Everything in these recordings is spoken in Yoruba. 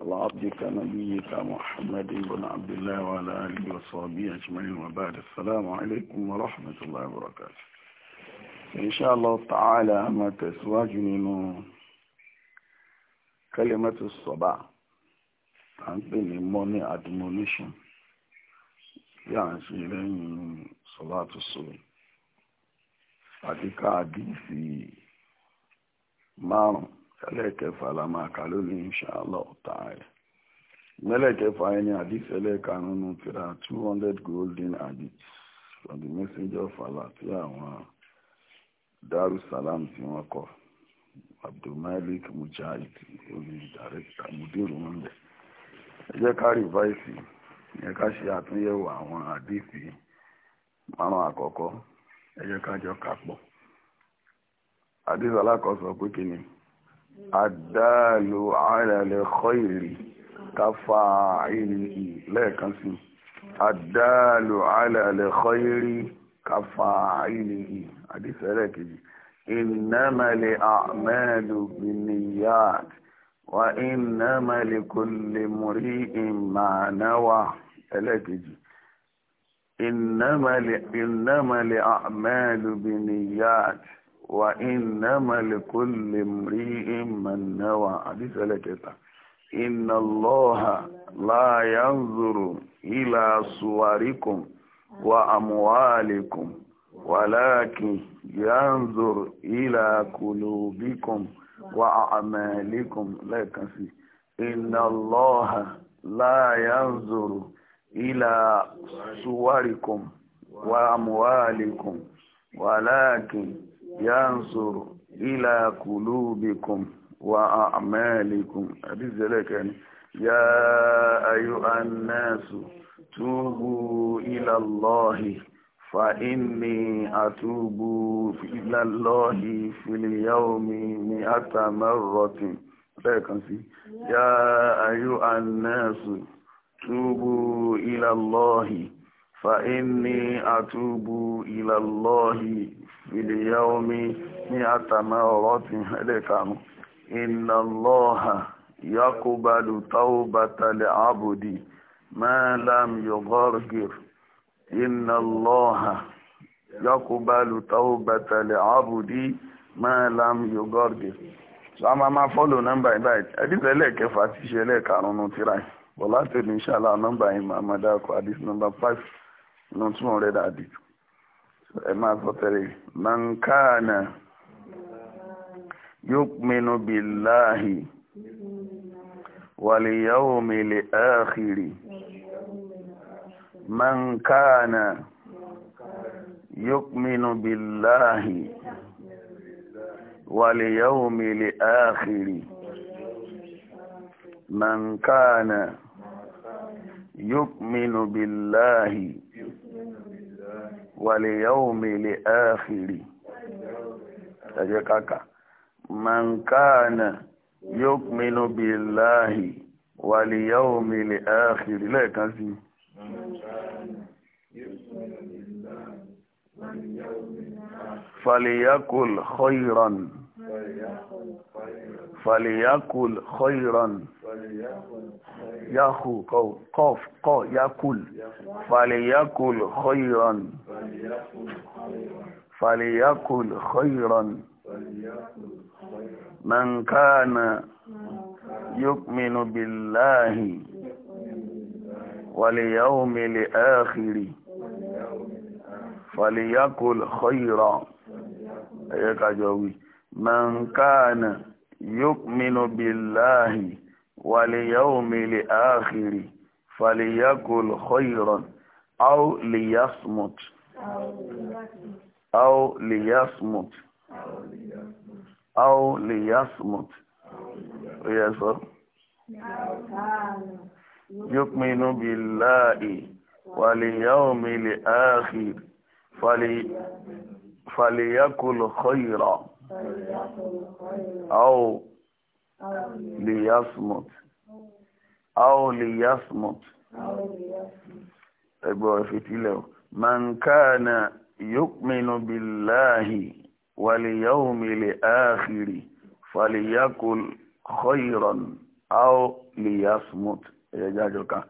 على نبيك محمد بن عبد الله وعلى آله وصحبه أجمعين وبعد السلام عليكم ورحمة الله وبركاته إن شاء الله تعالى ما تسواجنين كلمة الصباح عندنا money admonition يعني سيلين صلاة الصبح أديك عديسي sí ẹlẹ́ẹ̀kẹfà la máa kà lónìí inṣàlá ọ̀tá rẹ̀ mẹ́lẹ̀kẹfà ẹni àdìsẹ́ lẹ́ẹ̀kanúnú tírà two hundred golden hadiths from the messenger of Allah tí àwọn darussalam tí wọ́n kọ abdulmalik mujahid olùdarí mudiru wọn bẹ̀ ẹ jẹ́ ká rìváìsì ẹ ká ṣe àtúnyẹ̀wò àwọn àdìsí márùn-ún àkọ́kọ́ ẹ jẹ́ ká jọ kà pọ̀ àdìsí alákọ̀ọ́sọ pé kí ni àdáàlù àrẹ̀lẹ̀kọ́ ìrì káfà ìrì lẹ́ẹ̀kan sí àdáàlù àrẹ̀lẹ̀kọ́ ìrì káfà ìrì àdífẹ́rẹ̀ kejì ìnámẹ́lẹ̀ àmẹ́lù bìníyàt wà ìnámẹ́lẹ̀ kò lè múrí ìmànáwà ẹlẹ́kejì ìnámẹ́lẹ̀ àmẹ́lù bìníyàt wà innama likulli imri'in ma nawa àdísẹ́lẹ̀ kẹta inna Allaha la yanzuru ila suwarikum wa amwalikum walakin yanzuru ila kulubikum wa a'malikum lẹ́ẹ̀kan sí inna Allaha la yanzuru ila suwarikum wa amwalikum walakin ينصر إلى قلوبكم وأعمالكم حديث ذلك يعني يا أيها الناس توبوا إلى الله فإني أتوب إلى الله في اليوم مئة مرة يا أيها الناس توبوا إلى الله فإني أتوب إلى الله ìdèyà omi ni àtàmà ọ̀rọ̀ ti Inna iná yakubalu taubatale abudi malam yogorgir Inna lọ́ha yakubalu taubatale abudi malam yogorgir so a máa máa fọlọ nọmba yìí báyìí ẹ̀dísẹ́ ti ṣe ẹlẹ́ẹ̀karùn tíra inshallah yìí máa máa dákọ̀ àdís nọ́mbà nù two àdìs ما فطري من كان يؤمن بالله واليوم الآخر من كان يؤمن بالله واليوم الآخر من كان يؤمن بالله واليوم الآخر تجكك من كان يؤمن بالله واليوم الآخر لا كنسي فليقل خيرا فليقل خيرا يخو قف قف يأكل فليقل خيرا فليقل خيرا من كان يؤمن بالله واليوم الآخر فليقل خيرا من كان يؤمن بالله واليوم الآخر فليقل خيرا أو ليصمت أو ليصمت أو ليصمت يسر يؤمن بالله واليوم الآخر فلي فليكل خيرا أو ليصمت أو ليصمت ẹgbọ́ ìfìtílẹ̀ من كان يؤمن بالله واليوم الآخر فليقل خيرا أو ليصمت يجاجك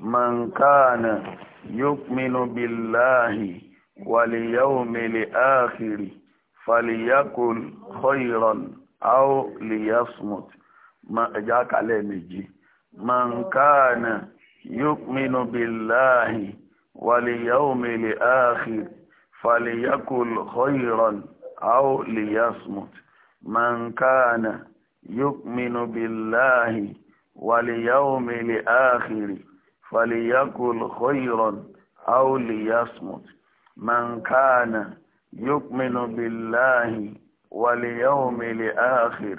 من كان يؤمن بالله واليوم الآخر فليقل خيرا أو ليصمت ما جاك عليه مجي من كان يؤمن بالله وليوم لآخر فليكن خيرا أو ليصمت من كان يؤمن بالله وليوم لآخر فليقل خيرا أو ليصمت من كان يؤمن بالله وليوم لآخر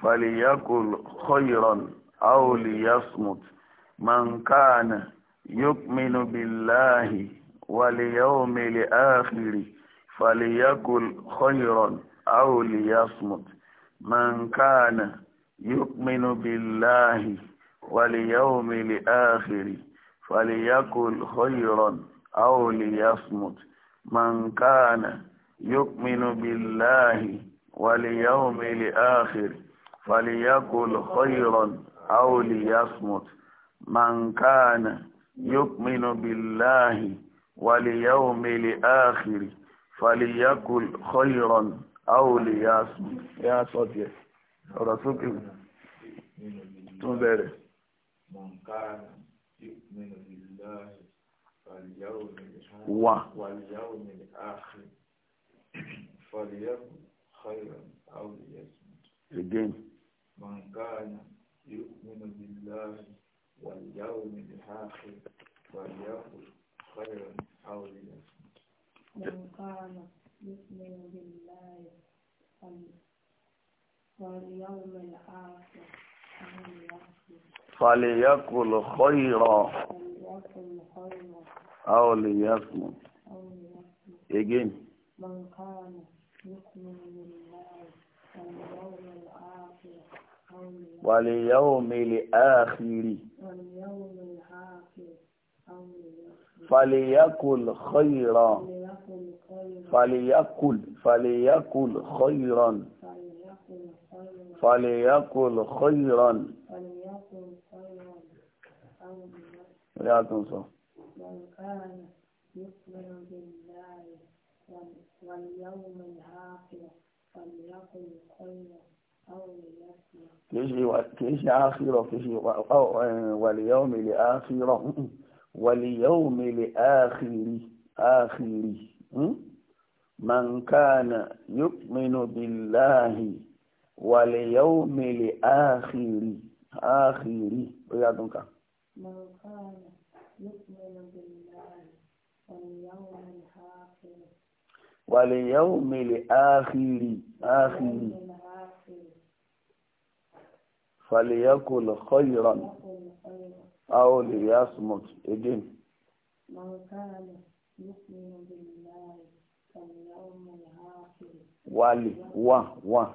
فليقل خيرا أو ليصمت من كان يؤمن بالله واليوم الآخر فليقل خيرا أو ليصمت من كان يؤمن بالله واليوم الآخر فليقل خيرا أو ليصمت من كان يؤمن بالله واليوم الآخر فليقل خيرا أو ليصمت من كان يؤمن بالله واليوم الآخر فليقل خيرا أو ليصمت يا صوتي ọ̀rọ̀ sókè tún bẹ̀rẹ̀. wà again. من كان يؤمن بالله واليوم الآخر وليقل خيرا أو ليصمت من قال يؤمن بالله واليوم الآخر فليقل خيرا أو ليصمت من قال يؤمن بالله واليوم الآخر واليوم الآخر فليقل خيرا فليقل فليقل خيرا فليقل خيرا خيرا لا تنسوا يؤمن بالله واليوم الآخر فليقل خيرا kìí ṣe áàfíìrọ̀ kìí ṣe wàlìyàwó lè áàfíìrọ̀ wàlìyàwó lè hmm, áàfíìrì áàfíìrì hmm. man billahi wàlìyàwó lè áàfíìrì áàfíìrì ó yá dùn ká. man فليقل خيرا أو ليصمت again من كان يؤمن و و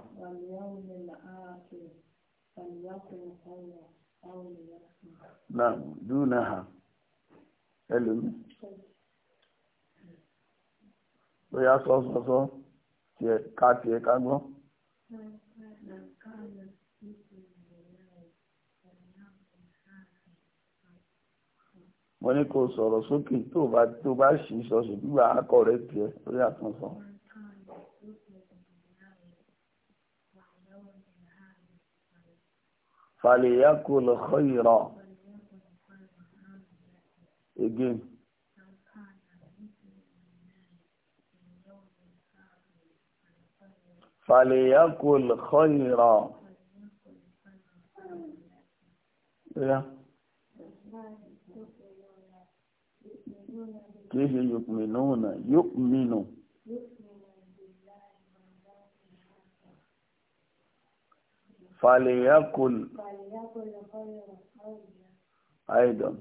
نعم دونها علم bóyá sọ́sọ́sọ́ tiẹ̀ ká tiẹ̀ mo ní kó sọ̀rọ̀ sókè tó bá tó bá ṣì sọ̀sù bá kọ́ rẹ̀ tí tiẹ̀ lórí àtúnṣọ. فليقل خيرا again فليقل خيرا yeah. kì í ṣe yòkùnmínúhùnà yòkùnmínú fàlẹ̀yàkùn àìdàn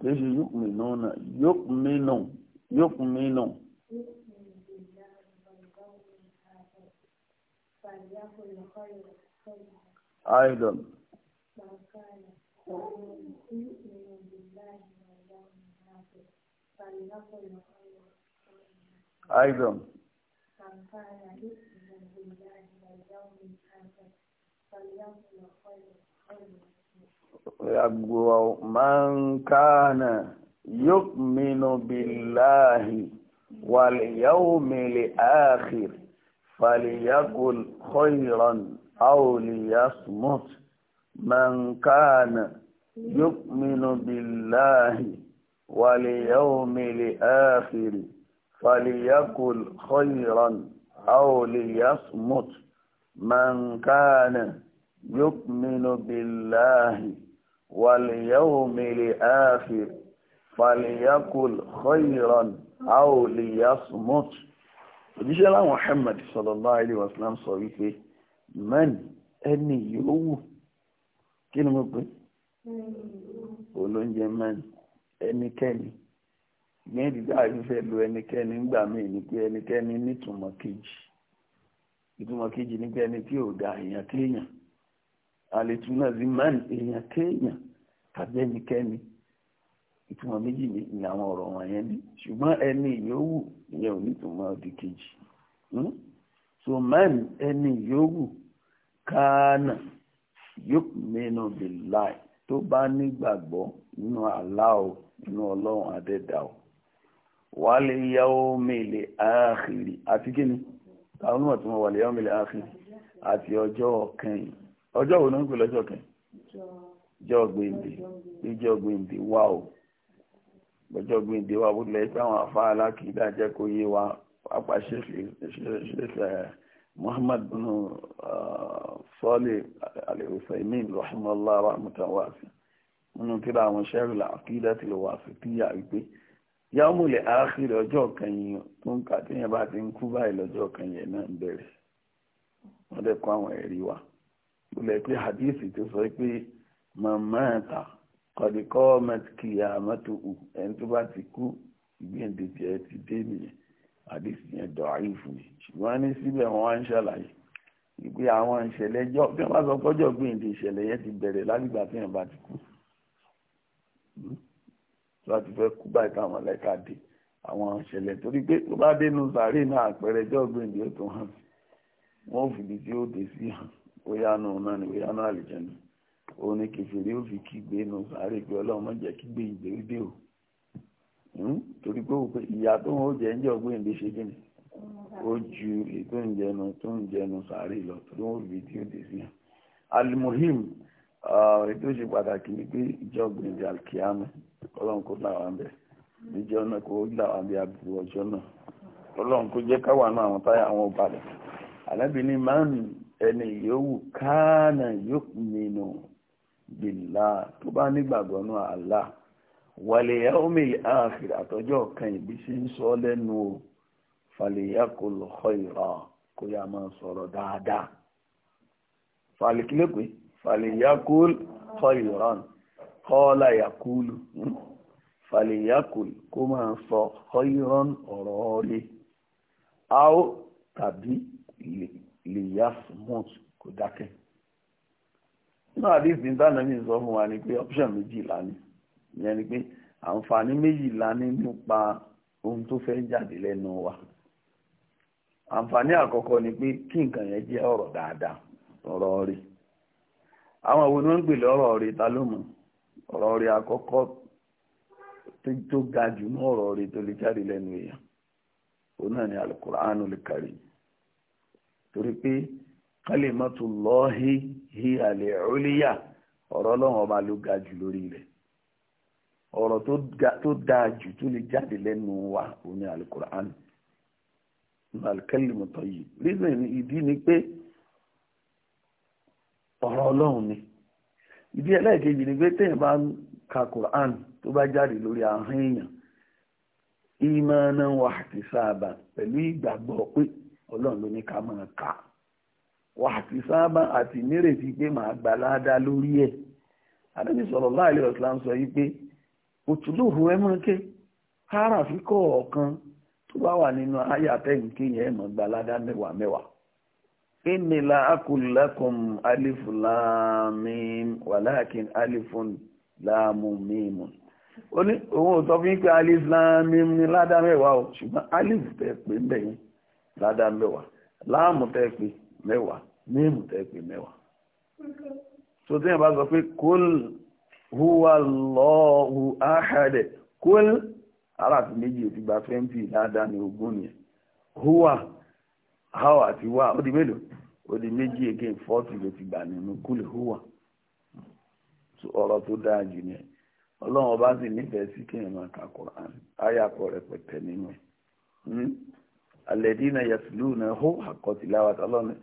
kì í ṣe yòkùnmínúhùnà yòkùnmínú yòkùnmínú àìdàn. أيضا من كان يؤمن بالله واليوم الآخر فليقل خيرا أو ليصمت من كان يؤمن بالله واليوم الآخر فليقل خيرا أو ليصمت من كان يؤمن بالله واليوم الآخر فليقل خيرا أو ليصمت òjíṣẹ́ محمد صلى الله عليه وسلم sọ من man ẹni kí ni mo pè hmm. olóúnjẹ mẹ́rin ẹnikẹ́ni gbẹ́ndì dáàrí fẹ́ lo ẹnikẹ́ni ńgbà míì ni pé ẹnikẹ́ni nítumọ̀ kejì ìtumọ̀ kejì ni pé ẹni tí ò da èèyàn kéèyàn àlètú náà sí mẹ́rin èèyàn kéèyàn tàbí ẹnikẹ́ni ìtumọ̀ méjì ni àwọn ọ̀rọ̀ wọ̀nyẹn ní ṣùgbọ́n ẹni yòówù ìyẹn ò nítumọ̀ òdì kejì hmm? so mẹ́rin ẹni yòówù káánà yukminu billahi tó bá nígbàgbọ́ nínú Allah o nínú ọlọ́run adẹ́dà o wal yawmil akhir àti kíni táwọn onímọ̀ tí wọ́n wal yawmil akhir àti ọjọ́ kẹyìn ọjọ́ wo ló ń pè lọ́jọ́ kẹyìn ọjọ́ gbèǹdé ọjọ́ gbèǹdé wà o ọjọ́ gbèǹdé wà bó tilẹ̀ pé àwọn afáàlá kì í dájẹ́ kó yé wa pàápàá ṣe ṣe ṣe ṣe ṣe ṣe ṣe ṣe muhammad bin uh, sọ́ọ̀lì al-Usaymin rahimahullah rahmatan wasi nínú tíra àwọn sharh al-aqidati al-wasitiyya wípé yaumul akhir ọjọ́ kẹyìn tó ń kà téèyàn bá ti ń kú báyìí lọ́jọ́ kẹyìn náà ń bẹ̀rẹ̀ wọ́n dẹ̀ kó àwọn ẹ̀rí wa lulẹ̀ pé hadithi tó sọ pé mamata qad qamat qiyamatu ẹni tó bá ti kú ìgbéǹdè tiẹ̀ ti dé nìyẹn àdìsí yẹn dọ̀ọ́ìfù ni ṣùgbọ́n ní síbẹ̀ wọ́n á ń ṣàlàyé ìpè àwọn ìṣẹ̀lẹ̀ ẹjọ́ bí wọ́n bá sọ pọ́jọ́ gbìyànjú ìṣẹ̀lẹ̀ yẹn ti bẹ̀rẹ̀ látìgbà tí yẹn bá ti kú láti fẹ́ kú báyìí táwọn ọ̀lẹ́ka dé àwọn ìṣẹ̀lẹ̀ torí pé tó bá dénú sàárè náà àpẹẹrẹ ẹjọ́ gbìyànjú ó tó hàn wọ́n fìdí tí ó dé sí hàn bóyá nù náà ni bóyá náà àlùjànnú òun ni kẹfìrí ó fi kígbe nù sàárè pé ọlọ́run má jẹ́ kígbe ìgbèrú dé o. Hmm? torí pé òpè ìyá tó ń jẹ ń se ọgbẹ́ ìdí ṣe ó ju ètò ìjẹnu tó ń jẹnu sàárè lọ tó ń rí tí ó dé sí alimohim ètò ṣe pàtàkì ni pé ìjọgbìn ìdí alkiyama ọlọ́run kó làwọn bẹ̀ níjọ́ náà kó làwọn bẹ̀ aburú ọjọ́ náà ọlọ́run kó jẹ́ káwà náà àwọn táyà àwọn balẹ̀ alábìíní máa ń ẹni yóò tó bá wàlẹ̀yà omi ààfin àtọ́jọ́ kan ìbí sí ń sọ lẹ́nu o fàlẹ̀yà kò lọ kọ́ ìrà kó yá máa sọ̀rọ̀ dáadáa fàlẹ̀kílẹ́pẹ́ fàlẹ̀yà kò kọ́ ìrà kọ́ọ́lá yàkúlù fàlẹ̀yà kò máa sọ kọ́ ìrà ọ̀rọ̀ rí a tàbí lè smut kò dákẹ́. inú àdìsí ìdánilẹ́yìn sọ fún wa ni pé option méjì lánìí. ìyẹn ni pé àǹfààní la ní nípa ohun tó fẹ́ jáde lẹ́nu wa àǹfààní àkọ́kọ́ ni pé kí nǹkan yẹn jẹ́ ọ̀rọ̀ dáadáa ọ̀rọ̀ rí àwọn òwe ni wọ́n ń pè lọ́rọ̀ rí ta ló mọ̀ ọ̀rọ̀ rí àkọ́kọ́ tó ga jù mọ́ ọ̀rọ̀ rí tó lè jáde lẹ́nu èèyàn òun náà ni torí pé ọ̀rọ̀ ọlọ́run ọba ló ga jù ọ̀rọ̀ tó dáa jù tó lè jáde lẹ́nu wa òun ni alukur'an alikẹ́lìmù tọ́ yìí reason ìdí ni pé ọ̀rọ̀ ọlọ́run ni ìdí ẹlẹ́ẹ̀kejì ni pé téèyàn bá ń ka kur'an tó bá jáde lórí ahọ́n èèyàn ìmọ̀ọ́nà wàhátì sáàbà pẹ̀lú ìgbàgbọ́ pé ọlọ́run ló ní ká máa kà wàhátì sáàbà àti nírètí pé màá gbà ládàá lórí ẹ̀ adébísọ̀rọ̀ láàlẹ́ ọ̀sán sọ yí pé òtúlóhù ẹ mọ́ ké hárà fi kọ́ ọ̀kan tó bá wà nínú ayàtẹ́ǹkì yẹn mọ̀ gbalada mẹ́wàá mẹ́wàá ìnìlá akùnlákùn alifùlámìm wàláàkín alifùn láàmùmímù ó ní òun ò sọ fún pé alifùlámìm ní ládá mẹ́wàá o ṣùgbọ́n alif tẹ́ pé mẹ́yìn ládá mẹ́wàá láàmù tẹ́ pé mẹ́wàá mímù tẹ́ pé mẹ́wàá tó tẹ́yìn bá sọ pé kólù huwa Allahu ahad kúl aláàfi méjì ò ti gba twenty dáadáa ní ogún ni huwa how ati wa ó di mélòó ó di méjì again 40 ló ti gbà nínú kúl huwa ọ̀rọ̀ tó dáa jù ni ọlọ́run ọba sì nífẹ̀ẹ́ sí kí èèyàn ka Qur'an ayàpọ̀ rẹpẹtẹ nínú ẹ̀ hmm? alẹ́dínà yasulu na hó àkọsíláwàtà ọlọ́run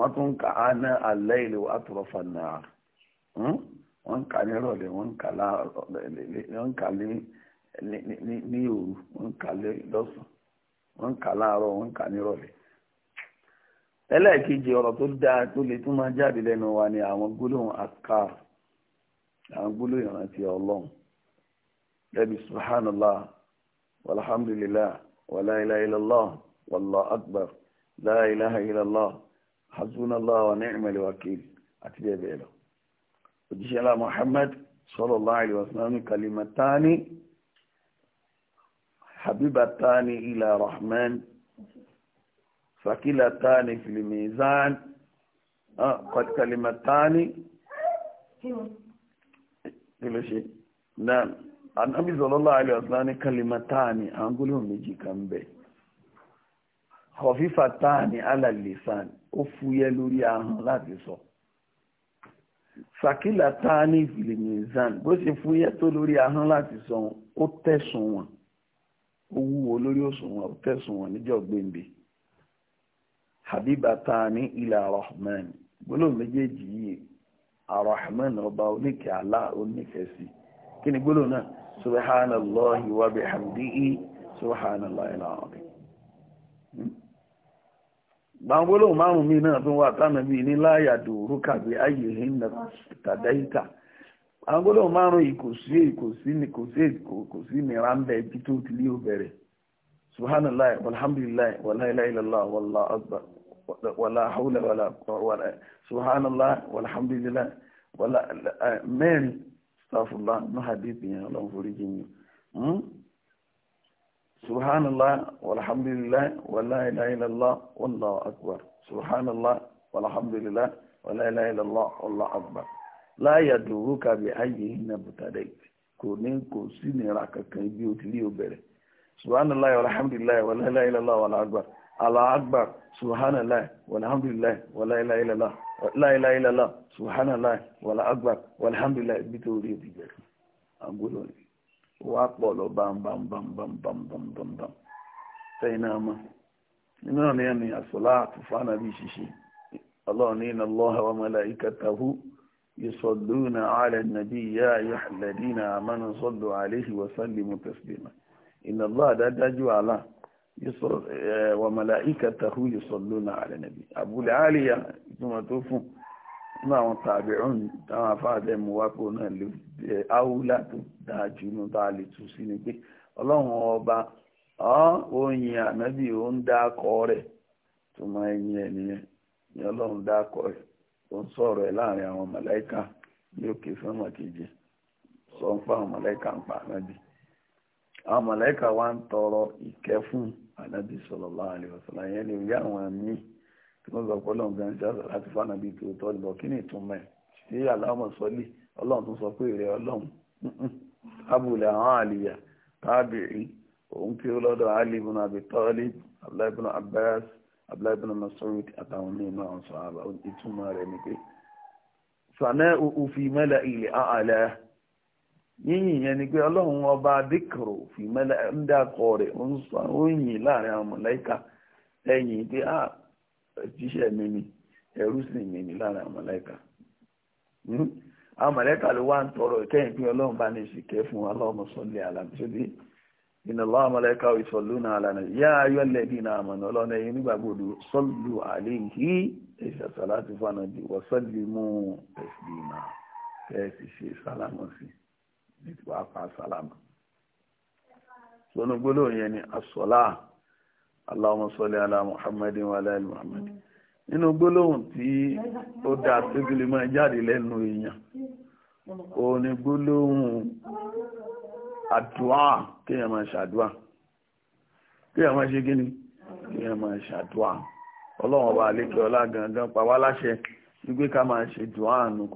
wọ́n tún kà á ná alẹ́ ìlú Hmm? wọ́n ń kà ní ìrọ̀lẹ́ wọ́n ń kà ní òru wọ́n ń kà lọ́sùn wọ́n ń kà láàárọ̀ wọ́n ń kà ní ìrọ̀lẹ́ ẹlẹ́ẹ̀kejì ọ̀rọ̀ tó dáa tó lè tún máa jáde lẹ́nu wa ni àwọn gbólóhùn askar àwọn gbólóhùn ìrántí ọlọ́run lẹ́bi subhanallah walhamdulillah wala ilaha illallah wallahu akbar la ilaha wa ni'mal wakil àti bẹ́ẹ̀ bẹ́ẹ̀ lọ òjíṣẹ́ lá Muhammad sallallahu alaihi wasallam kalimatani habibatani ila rahman sakilatani fil mizan ah, qad kalimatani kí ló ṣe náà anábì sallallahu alaihi wasallam ní kalimatani àǹgúlùmù méjì kan bẹ́ẹ̀ kọfífà táà ní alàlìsàn ó fúyẹ́ lórí ahọ́n láti sọ sàkílà tání ìfìlẹ̀ mizan bó ṣe fúyẹ́ tó lórí ahọ́n láti sọ wọn ó tẹ̀sùn wọn ó wúwo lórí òṣùwọ̀n ó tẹ̀sùn wọn níjọ́ gbèǹde habiba tání ila rahman gbólóhùn méjèèjì yìí arahman ọba oníkẹ́ alá onífẹ̀ẹ́sì kí ni gbólóhùn náà subhanallahi wa bihamdihi subhanallahi alazim gbàngbólóhùn márùn mí náà tó wà tánà bí ní láyàdò rúkàbí ayé hinna tàdáìta gbàngbólóhùn márùn ìkòsí ìkòsí ní kòsí ìkòsí ní rámbẹ ibi tó ti lé ó bẹ̀rẹ̀ subhanallah walhamdulillah wàláìláìlá wàlá akbar wàlá haúlẹ̀ wàlá subhanallah walhamdulillah wàlá mẹ́rin sáfùlá náà hadith yẹn ọlọ́run forí jẹ́ yẹn hmm? سبحان الله والحمد لله ولا إله إلا الله والله أكبر سبحان الله والحمد لله ولا إله إلا الله والله أكبر لا يدرك بأيهن ابتديت كونين كوسين راك كان بيوت ليو بره سبحان الله والحمد لله ولا إله إلا الله والله أكبر الله أكبر سبحان الله والحمد لله ولا إله إلا الله لا إله إلا الله سبحان الله ولا أكبر والحمد لله بتوريد بره أقولون wá pọ̀ lọ bámbámbámbámbámbámbám sẹ́yìn náà mọ́ nínú ọ̀nà ẹni àsọ̀lá àtúfánà bí ṣiṣẹ́ ọlọ́ọ̀ni iná lọ́ha wa malaikatahu yusalluna ala an-nabi ya ayyuhalladhina amanu sallu alayhi wa sallimu taslima inna Allah dájú àlá eh, wa malaikatahu yusalluna ala an-nabi Abul Aliya ìtumọ̀ tó fún ní àwọn tàbí táwọn afáàdẹ́ mú wápò náà ló jẹ́ áwúlá tó dáa jù a lè sí pé ọlọ́run ọba oyin ànábì ó ń dákọ rẹ̀ tó mọ ẹyin ẹ̀ nìyẹn ni ọlọ́run dákọ rẹ̀ ó ń sọ̀rọ̀ ẹ̀ láàrin àwọn mọ̀láìkà ní òkè wa tọrọ ànábì tí wọ́n sọ pé ọlọ́run gan ṣe àṣà láti fún tó tọ́ ni ìtumọ̀ ẹ̀ ṣé aláwọ̀ sọ́lì ọlọ́run tún sọ pé ìrẹ́ ọlọ́run abúlé àwọn àlìyà tábìrì òun kí ó lọ́dọ̀ Ali ibn Abi Talib Abdullahi ibn Abbas àtàwọn àwọn ìtumọ̀ ni pé sànẹ́ mẹ́lẹ̀ ilẹ̀ àlẹ́ yẹn ni pé ọlọ́run ọba adékòrò ń dákọ̀ rẹ̀ ó ń yìn láàrin àwọn mọ̀lẹ́kà jíṣẹ́ mi ni ẹrú sì mi ni lára àwọn mọ̀lẹ́kà hmm? àwọn mọ̀lẹ́kà ló wá ń tọrọ ìkẹyìn pé ọlọ́run bá ní ìsìnkẹ́ fún Allahumma salli ala Nabi inna Allaha malaikahu yusalluna ala nabi ya ayyuhalladhina amanu ọlọ́run ẹ̀yin nígbàgbọ́dọ̀ sallu alayhi ẹ̀ṣà salatu fanabi wa sallimu yẹn ni asọ́lá Allahumma salli ala Muhammadin wa ala ali Muhammad mm. nínú gbólóhùn tí ó dá tókìlì máa jáde lẹ́nu èèyàn ó ní gbólóhùn àdúà kéèyàn máa ṣàdúà kéèyàn máa ṣe kíni kéèyàn máa ṣàdúà ọlọ́run ọba àlékè ọlá gangan pa wá láṣẹ wípé ká máa ṣe dùn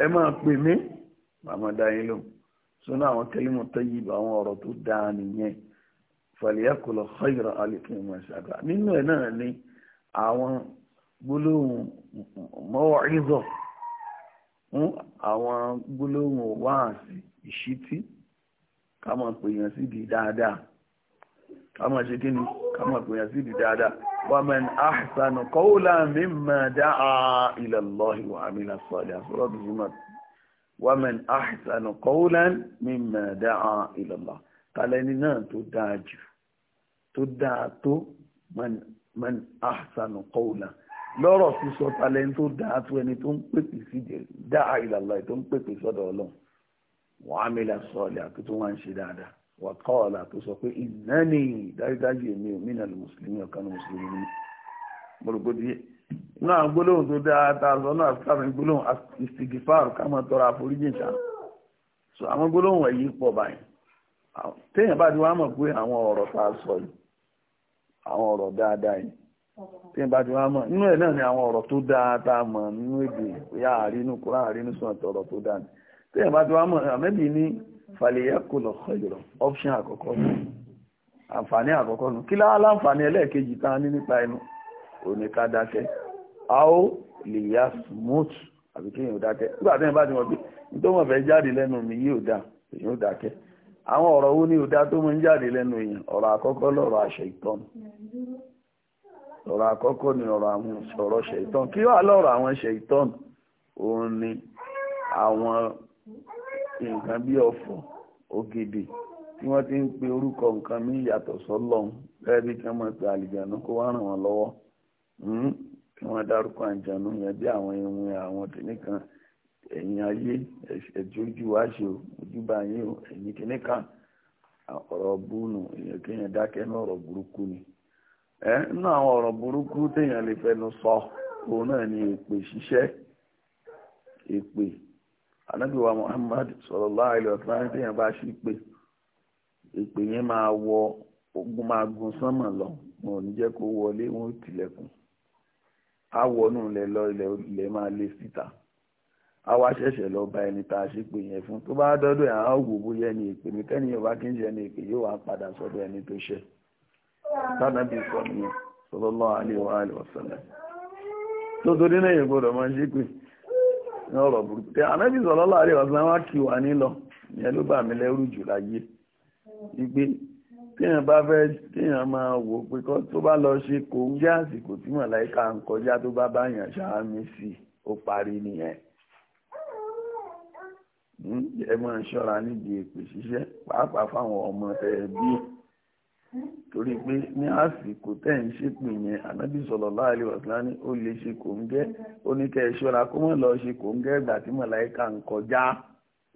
ẹ máa pè mí màmá dáyín ló sọ́nà àwọn kẹlímọ̀ tó yí bá àwọn ọ̀rọ̀ tó dáa nìyẹn fàlẹ́yàkùlọ̀ khayran alẹ́kùn ìmọ̀ ìṣàgbà nínú ẹ̀ náà ni àwọn gbólóhùn mọ́wọ́ìzọ̀ fún hmm, àwọn gbólóhùn wáàsí ìṣítí ká máa pèèyàn sídi dáadáa ká máa ṣe kíni ká máa pèèyàn sídi dáadáa waman ahsanu qawlan mimma da'a ila Allahi wa waman ahsanu qawlan mimma da'a ila Allah tàlẹ́ni náà tó dáa jù tó dáa tó man ahsanu qawlan lọ́rọ̀ sísọ tàlẹ́ni tó dáa tó ẹni tó ń pèpè sí da'a ila Allah tó ń pèpè sọ́dọ̀ ọlọ́run wa amila salih àti tó wá ń ṣe dáadáa wa qala tó sọ pé innani dájúdájú èmi ò mí nà lè mùsùlùmí ọ̀kan mùsùlùmí mo rò gbódìyẹ náà gbólóhùn tó dáa tá a sọ náà sábà gbólóhùn istigifar ká máa tọrọ so àwọn gbólóhùn wọ̀nyí pọ̀ báyìí téèyàn bá ti wá mọ̀ pé àwọn ọ̀rọ̀ tá a sọ yìí àwọn ọ̀rọ̀ dáadáa yìí téèyàn bá ti wá mọ̀ nínú ẹ̀ náà ni àwọn ọ̀rọ̀ tó dáa tá a mọ̀ nínú èdè bóyá àrínú kúrò àrínú sọ̀rọ̀ tọ̀rọ̀ tó dáa téèyàn bá ti wá mọ̀ àmẹ́bí ní fàlẹ́yàkó lọ́kọ̀ ìrọ̀ option àkọ́kọ́ nù àǹfààní àkọ́kọ́ nù kí láwọn láǹfààní ẹlẹ́ẹ̀kejì tá ní nípa ẹnu onika ká dákẹ́ a ó lè yá smooth àbí kí èèyàn dákẹ́ nígbà tí wọ́n bá ti wọ́n bí nítorí fẹ́ jáde lẹ́nu mi yóò dá èèyàn dákẹ́ àwọn ọ̀rọ̀ wo ni òdá tó mọ́ ń jáde lẹ́nu o ọ̀rọ̀ àkọ́kọ́ lọ́rọ̀ àṣẹ ìtọ́n ọ̀rọ̀ àkọ́kọ́ ni ọ̀rọ̀ àwọn ọ̀rọ̀ ṣẹ ìtọ́n kí wà lọ́rọ̀ àwọn ṣẹ ìtọ́n òun ni àwọn nǹkan bí ọ̀fọ̀ ògèdè tí wọ́n ti ń pe orúkọ nǹkan mí yàtọ̀ bí kí wọ́n Hmm? kí wọ́n dárúkọ àjànú yẹn bí àwọn ìwìn àwọn kìnnìkan ẹ̀yìn ayé ẹ̀jú ojú wa ṣe o ojúbà yín o ẹ̀yìn kìnnìkan ọ̀rọ̀ búnù èèyàn kéèyàn dákẹ́ ní ọ̀rọ̀ burúkú ni ẹ nínú àwọn ọ̀rọ̀ burúkú téèyàn lè fẹnu sọ òun náà ni èpè ṣíṣẹ́ èpè anábìwá Muhammad sallallahu alaihi wasallam téèyàn bá pé èpè yẹn máa wọ ogun máa gun sánmà lọ wọn ò ní jẹ́ kó wọlé wọn tilẹ̀kùn á wọnú ilẹ̀ lọ ilẹ̀ máa lé síta á wá lọ bá ẹni tá a ṣe pè yẹn fún tó bá dọ́dọ̀ yẹn á wò bóyá ẹni èpè mi kẹ́niyàn bá kí n ṣe ẹni èpè yóò wá padà ẹni tó sọ wa sallam tó torí náà yẹn gbọ́dọ̀ máa ṣe pé ní burúkú tẹ wá téèyàn bá fẹ́ téèyàn máa wò pé kọ́ tó bá lọ ṣe kò ń jẹ́ àsìkò tí màláìka ń kọjá tó bá báyàn ṣáámi sí i ó parí nìyẹn hmm? ẹ máa ṣọ́ra nídìí èpè ṣíṣẹ́ pàápàá fáwọn ọmọ tẹ̀ bí torí pé ní àsìkò tẹ́ ń ṣépè yẹn ànábì sallallahu alaihi wasallam ní ó lè ṣe kò ń gẹ́ ó ní kẹ́ ẹ ṣọ́ra kó mọ̀ lọ ṣe kò ń gẹ́ ìgbà tí màláìka ń kọjá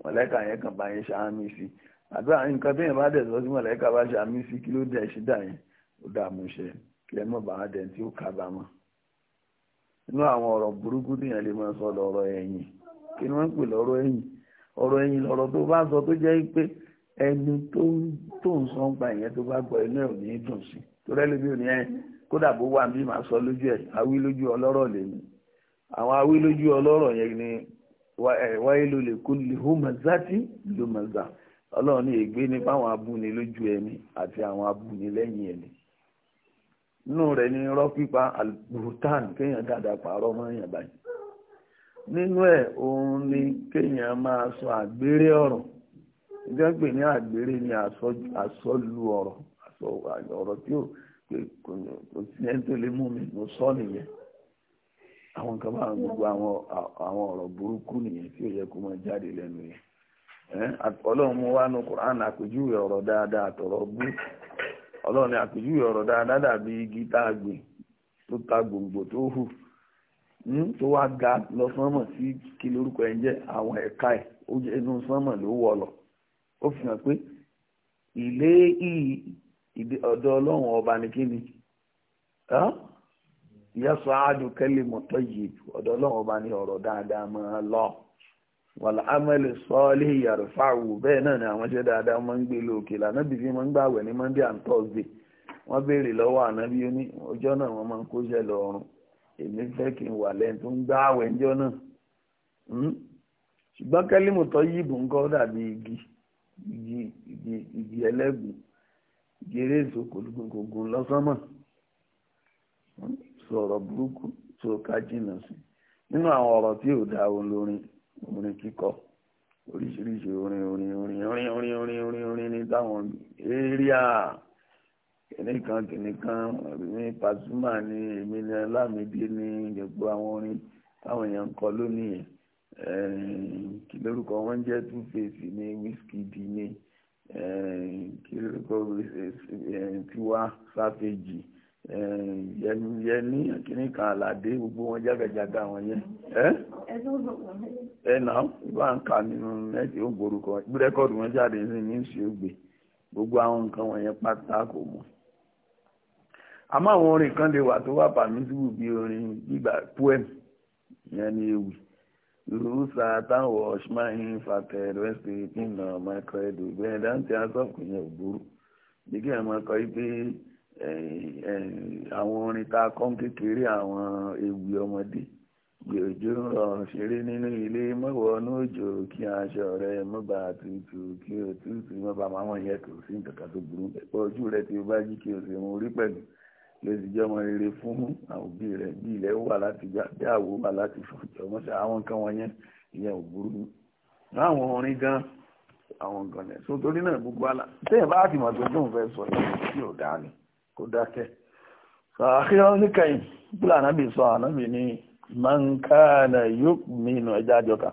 màláìka yẹn kàn bá yẹn ṣáámi sí i àdúrà nǹkan bí èèyàn bá dẹ̀ sọ sí mọ̀lẹ́kà bá ṣe àmì sí kí ló dẹ̀ ṣe dà yẹn ó dà mú ṣe kí ẹ mọ̀ bá wọn dẹ̀ tí ó kábàámọ̀ inú àwọn ọ̀rọ̀ burúkú tíyàn lè máa sọ lọ́rọ̀ ẹ̀yìn kí ni wọ́n ń pè lọ́rọ̀ ẹ̀yìn ọ̀rọ̀ ẹ̀yìn lọ́rọ̀ tó bá sọ tó jẹ́ pé ẹni tó ń sọ ń pa ìyẹn tó bá gbọ́ inú ẹ̀ ò ní dùn sí torí ẹlòmíì ò ẹ kódà bó wà bí màá sọ lójú ẹ̀ awí lójú ọlọ́rọ̀ lèmi àwọn awí lójú ọlọ́rọ̀ yẹn ni wáyé ló lè kó lè hó mazati ló mazati ọlọ́run ní ègbé ní fáwọn abúni lójú ẹni àti àwọn abúni lẹ́yìn ẹni nínú rẹ̀ ní irọ́ pípa albuhutan kéèyàn dáadáa pààrọ̀ mọ́ èèyàn báyìí nínú ẹ̀ òun ni kéèyàn máa sọ àgbéré ọ̀rọ̀ ìjọ pè ní àgbéré ni àsọlù ọ̀rọ̀ ọ̀rọ̀ tí ó kò sí ẹni tó lè mú mi mo sọ nìyẹn àwọn kan bá gbogbo àwọn ọ̀rọ̀ burúkú nìyẹn tí ó yẹ kó máa jáde lẹ́nu yẹn Eh? ọlọ́run mú wá nu Quran àpèjúwe ọ̀rọ̀ dáadáa àtọ̀rọ̀ bú ọlọ́run ni àpèjúwe ọ̀rọ̀ dáadáa dàbí igi tá a gbìn tó ta gbòǹgbò tó hù hmm, tó wá ga lọ sánmọ̀ sí kí lórúkọ ẹ̀ ń jẹ́ àwọn ẹ̀ka ẹ̀ ó jẹ́ inú sánmọ̀ ló wọ̀ lọ ó fi hàn pé ilé ìyí ọ̀dọ̀ ọlọ́run ọba ni kí ni ìyá sọ áádùn kẹ́lẹ́ mọ̀tọ́ yìí ọ̀dọ̀ ọlọ́run ọba ni ọ̀rọ̀ dáadáa máa lọ́ọ̀. wàlá amẹ́lì sọ́ọ́lì yàrùfáàwù bẹ́ẹ̀ náà ni àwọn iṣẹ́ dáadáa ń gbé lókè lànàbì fi máa ń gbàwẹ̀ ní monday and thursday wọ́n béèrè lọ́wọ́ ànábì ó ní ọjọ́ náà wọ́n máa ń lọ èmi fẹ́ kí n wà lẹ́yìn tó ń gbàwẹ̀ ńjọ́ náà hmm? ṣùgbọ́n igi igi igi igi ẹlẹ́gùn igi eréso lọ́sọ́mọ̀ hmm? sọ̀rọ̀ burúkú tó sí nínú àwọn ọ̀rọ̀ tí ò orin kíkọ oríṣiríṣi orin orin orin orin orin orin orin orin ní táwọn eréà kìnìkan kìnìkan mi Pasuma ni èmi ni Ọlámídé ni gbogbo àwọn orin táwọn èèyàn ń kọ lónìí kí lórúkọ wọn jẹ́ two face ni Wizkid ni kí lórúkọ tiwa Savage. Eh, yẹni kìíní kan àlàdé gbogbo wọn jágàjágà wọn yẹn ẹ na ìbá ń kà nínú mẹ́tì ó gborúkọ rẹ́kọ̀dù wọn jáde ní ní gbogbo àwọn nǹkan wọn yẹn pátá kò mọ̀ àmọ́ àwọn orin kan lè wà tó wà orin gbígbà poem yẹn ni ewì lùsà táwọn ọ̀ṣmáyín ẹ̀dùn dáńtì ò àwọn orin ta kọ́ kékeré àwọn ewì ọmọdé gbèrèjò ń rọ ṣeré nínú ilé mọ́wọ́nú òjò kí aṣọ rẹ mọ́ba tutù kí òtútù mọ́ba máwọn yẹ kò sí nǹkan kan tó burú pẹ̀pẹ́ ojú rẹ tí o bá jí kí o sì mú orí pẹ̀lú lóṣù jẹ́ ọmọ rere fún àwọn òbí rẹ̀ bí ilẹ̀ wà láti gbà bí àwo wà láti fọjọ́ mọ́ṣẹ́ àwọn nǹkan wọ̀nyẹn ìyẹn ò burú láwọn orin gan àwọn nǹkan rẹ̀ sótórí náà gbogbo àlà tẹ́yìn bá ti mọ̀ tó dùn fẹ́ sọ ìyẹn tí ò dáa ni kò dákẹ́ sàáhírọ́ níkẹyìn bí ànábì sọ ànábì ní mankana yu'minu ẹjá jọka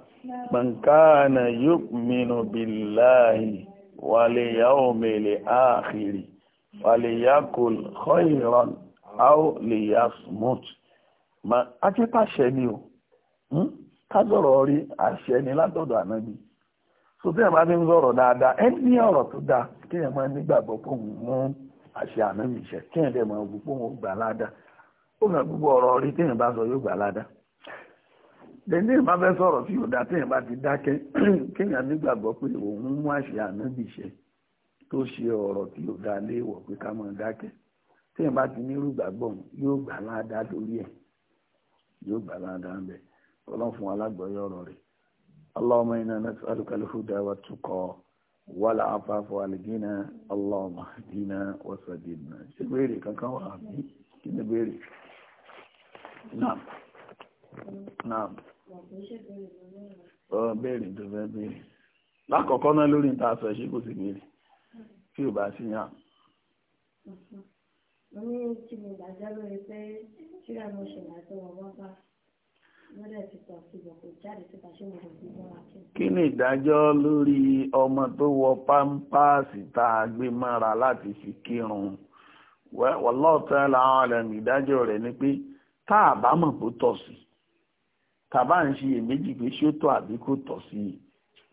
mankana yu'minu billahi wal yawmil akhir faliyakul khayran aw liyasmut ma akípàṣẹ ni o hmm? kájọ̀rọ̀ rí àṣẹ ni látọ̀dọ̀ ànábì so bí ẹ̀ máa ti ń sọ̀rọ̀ dáadáa ẹni ọ̀rọ̀ tó dáa kí ẹ̀ máa nígbàgbọ́ pọ̀ mú àṣẹ ànábì iṣẹ́ kéèyàn dẹ̀ mọ̀ ọ́ pé òun gbà ládàá ó gbà gbogbo ọ̀rọ̀ rí téèyàn bá sọ yóò gbà ládàá lẹ́yìn bá fẹ́ sọ̀rọ̀ tí yóò dá téèyàn bá ti dákẹ́ kéèyàn nígbàgbọ́ pé òun mú àṣẹ ànábì iṣẹ́ tó ṣe ọ̀rọ̀ tí yóò dá léèwọ̀ pé ká mọ̀ dákẹ́ téèyàn bá ti nírú ìgbàgbọ́ yóò gbà ládàá lórí ẹ̀ yóò gbà ládàá ń bẹ̀ ọlọ́run fún alágbọ̀ọ́yọ̀ ọ̀rọ̀ rẹ̀ اللهم إنا نسألك الهدى والتقى wala والغنى اللهم اهدنا وسددنا شبيري ọ bẹ́ẹ̀rẹ̀ tó fẹ́ bẹ́ẹ̀rẹ̀ lákọ̀ọ́kọ́ náà lórí kò sí tí ò bá sí yàn. ní kí ni ìdájọ́ kí ni ìdájọ́ lórí ọmọ tó wọ pámpáàsì tá a gbé mọ́ra láti fi kírun wallahu ta'ala alam ìdájọ́ rẹ̀ ni pé tá a bá mọ̀ kó tọ̀ sí tá a bá ń ṣe èméjì pé ṣó tọ́ àbí kò tọ̀ sí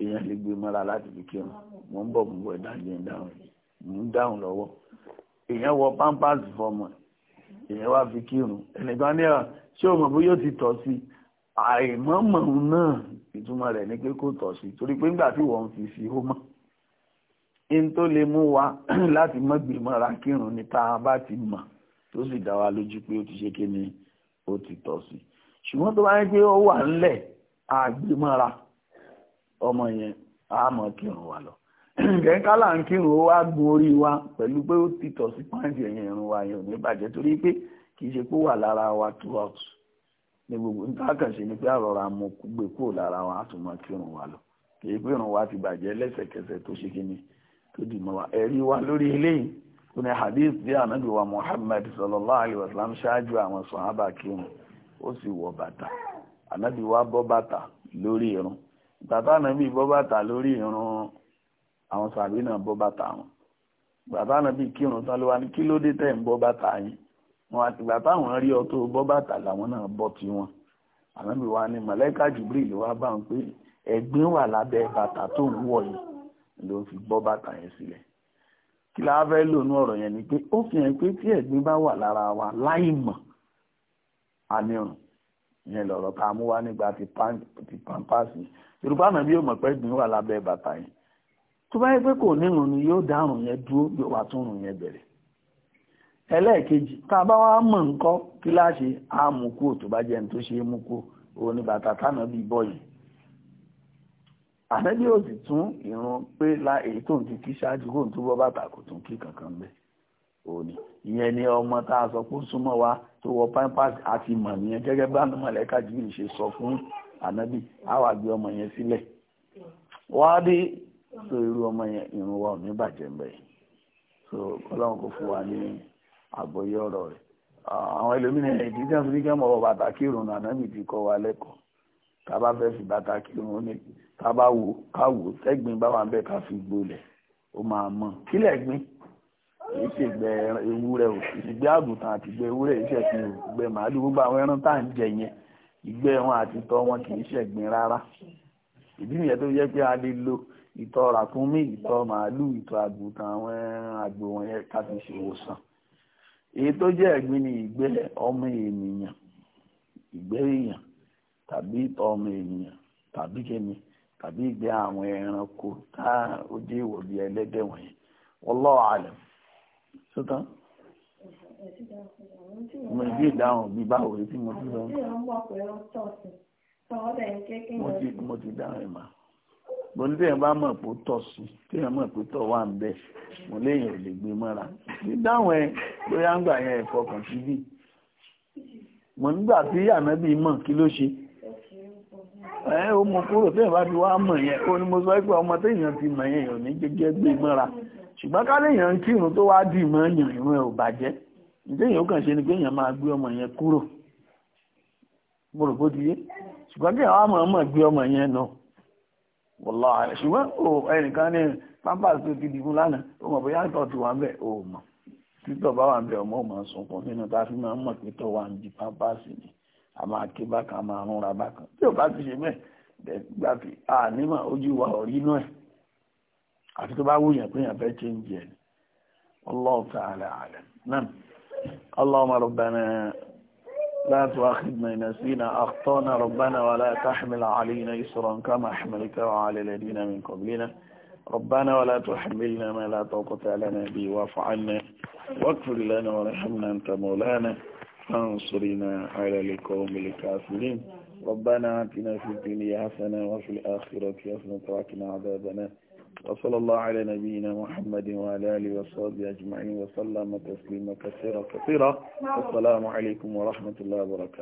èèyàn lè gbé mọ́ra láti fi kírun mò ń bọ̀ mò bọ̀ ìdájọ́ ìdáhùn mò ń dáhùn lọ́wọ́ èèyàn wọ pámpáàsì fọmọ èèyàn wá fi kírun ẹnìkan ní ọ ṣé o mọ̀ bó yóò ti tọ̀ sí àìmọ̀mọ̀ náà ìtumọ̀ rẹ̀ ni pé kò tọ̀ sí torí pé nígbà tí wọ́n fi sí ó mọ́ in tó lè mú wa láti mọ́ gbìmọ̀ra kírun ni tá a bá ti mọ̀ tó sì dá wa lójú pé ó ti ṣe kí ni ó ti tọ̀ sí ṣùgbọ́n tó bá yẹ pé ó wà ńlẹ̀ àgbìmọ̀ra ọmọ yẹn á mọ̀ kírun wa lọ kẹ́ńkálà ń kírun ó wá gun orí wa pẹ̀lú pé ó ti tọ̀ sí pàǹtì ẹ̀yìn ẹ̀rùn wa yẹn ò ní bàjẹ́ torí pé kì í ṣe pé wà lára wa throughout gbogbo nípa kànṣe ni pé àrọ̀rọ̀ àmọ́ gbé kúrò lára wọn á lọ kì í pé wa ti bàjẹ́ lẹ́sẹ̀kẹsẹ̀ tó ṣe kí ni tó dì mọ́ wa ẹ̀rí wa lórí eléyìí kò ní hadith bí wa muhammad sallallahu alayhi wa ṣáájú àwọn sọ̀hábà kírun ó sì wọ bàtà anabi wa bọ́ bàtà lórí irun bàtà bọ́ bàtà lórí irun àwọn sàbí náà bọ́ bàtà wọn bàtà tán ló wá ní kí wọn àtìgbà táwọn rí ọ tó bọ́ bàtà làwọn náà bọ́ ti wọn ànábì wa ni mọ̀lẹ́kà Jibril wá bá ń pé ẹ̀gbin wà lábẹ́ bàtà tó ń wọ̀ yìí ló fi bọ́ bàtà yẹn sílẹ̀ kí la fẹ́ lò ní yẹn ni pé ó fi hàn pé tí ẹ̀gbin bá wà lára wa láì mọ̀ àníọ̀rùn yẹn lọ̀rọ̀ tá mú wá nígbà ti pampasi yorùbá náà bí yóò mọ̀ pé ẹ̀gbin wà lábẹ́ bàtà yẹn tó bá yẹ pé kò nírun ni yóò dárùn yẹn dúró yóò wá tún rùn yẹn bẹ̀rẹ̀ ẹlẹ́ẹ̀kejì tá a bá wá mọ̀ nǹkan kí láṣe á mú kú tó bá jẹun tó ṣe é mú kú òun ni bàtà tánà bíi bọ́ọ̀lù àtẹ́bí ò sì tún ìrun pé la èyí tó ń ti kí ṣáájú kó ń túbọ̀ bàtà kò tún kí kankan bẹ́ẹ̀ òní ìyẹn ni ọmọ tá a sọ pé súnmọ́ wa tó wọ pampers àti mọ̀ nìyẹn gẹ́gẹ́ bá mọ̀lẹ́ka jìbìrì ṣe sọ fún ànábì á wà gbé ọmọ yẹn sílẹ̀ wá dé so irú ọmọ yẹn ìrun wa ò ní bàjẹ́ mbẹ́ so ọlọ́run kò fún wa ní àgbọ́yé ọ̀rọ̀ rẹ̀ àwọn ẹlòmíràn ẹ̀dí tí wọ́n fi kí bàtà kírun náà ti kọ́ wa lẹ́kọ̀ọ́ tá a bá fẹ́ fi bàtà kírun ó ní tá a bá wò ká wò tẹ́gbìn bá wà ń bẹ̀ ká fi gbolẹ̀ ó máa mọ̀ kílẹ̀ gbìn èyí sì gbẹ ewúrẹ́ o ìgbẹ́ àgùntàn àti ìgbẹ́ ewúrẹ́ yìí ṣẹ̀gbìn o ìgbẹ́ màálù gbogbo àwọn ẹran tá à ń jẹ yẹn ìgbẹ́ wọn àti ìtọ̀ wọn kì í ṣẹ̀gbìn rárá ìdí nìyẹn tó yẹ pé a lè lo ìtọ̀ ràkúnmí ìtọ̀ màálù ìtọ̀ àgùntàn àwọn ẹran àgbò wọn yẹn ká fi ṣe ìwòsàn èyí tó jẹ́ ẹ̀gbin ni ìgbẹ́ ọmọ ènìyàn ìgbẹ́ èèyàn tàbí ìtọ̀ ọmọ ènìyàn tàbí kẹ́mi tàbí ìgbẹ́ àwọn ẹranko tá ó jẹ́ ìwọ̀bí ẹlẹ́dẹ̀ wọ̀nyí wallahu alam mo ìdí ìdáhùn bí báwo tí mo ti sọ mo ti dáhùn ẹ̀ máa. bó ní téèyàn bá mọ̀ pé tọ̀ sí mọ̀ pé tọ̀ wà ń bẹ̀ léèyàn ò lè gbé mọ́ra dídáwọn ẹ bóyá ń gbà yẹn ẹ̀fọ́ sí bí nígbà tí mọ̀ kí ló ṣe ẹ ó mọ kúrò bá mọ̀ yẹn ó ní mo sọ ọmọ ti mọ̀ yẹn ò ní mọ́ra ṣùgbọ́n ká kírun tó wá dì mọ́ yàn ìrún ẹ ò bàjẹ́ ó wọ́lá rẹ̀ ṣùgbọ́n o ẹnìkan ní pampers tó ti dìgún lánàá ó mọ̀ bóyá tọ̀ ti wà ń bẹ̀ o mọ̀ títọ̀ bá wà ń bẹ̀ ọmọ ò máa sunkún nínú tá a fi máa ń mọ̀ pé tọ̀ wà ń di pampers ni a máa ké bákan a máa rúnra bákan tí ò bá ti ṣe bẹ́ẹ̀ gbà fi ànímọ̀ ojú wa ọ̀rí inú ẹ̀ àti tó bá wúyàn pé yàn fẹ́ change ẹ̀ Allahu ta'ala alam náà Allahumma rabbana لا تؤاخذنا إن نسينا أخطانا ربنا ولا تحمل علينا إسرا كما حملته على الذين من قبلنا ربنا ولا تحملنا ما لا طاقة لنا به واعف عنا واغفر لنا وارحمنا أنت مولانا فانصرنا على القوم الكافرين ربنا آتنا في الدنيا حسنة وفي الآخرة حسنة تركنا عذابنا وصلى الله على نبينا محمد وعلى آله وصحبه أجمعين وسلم تسليما كثيرا كثيرا والسلام عليكم ورحمة الله وبركاته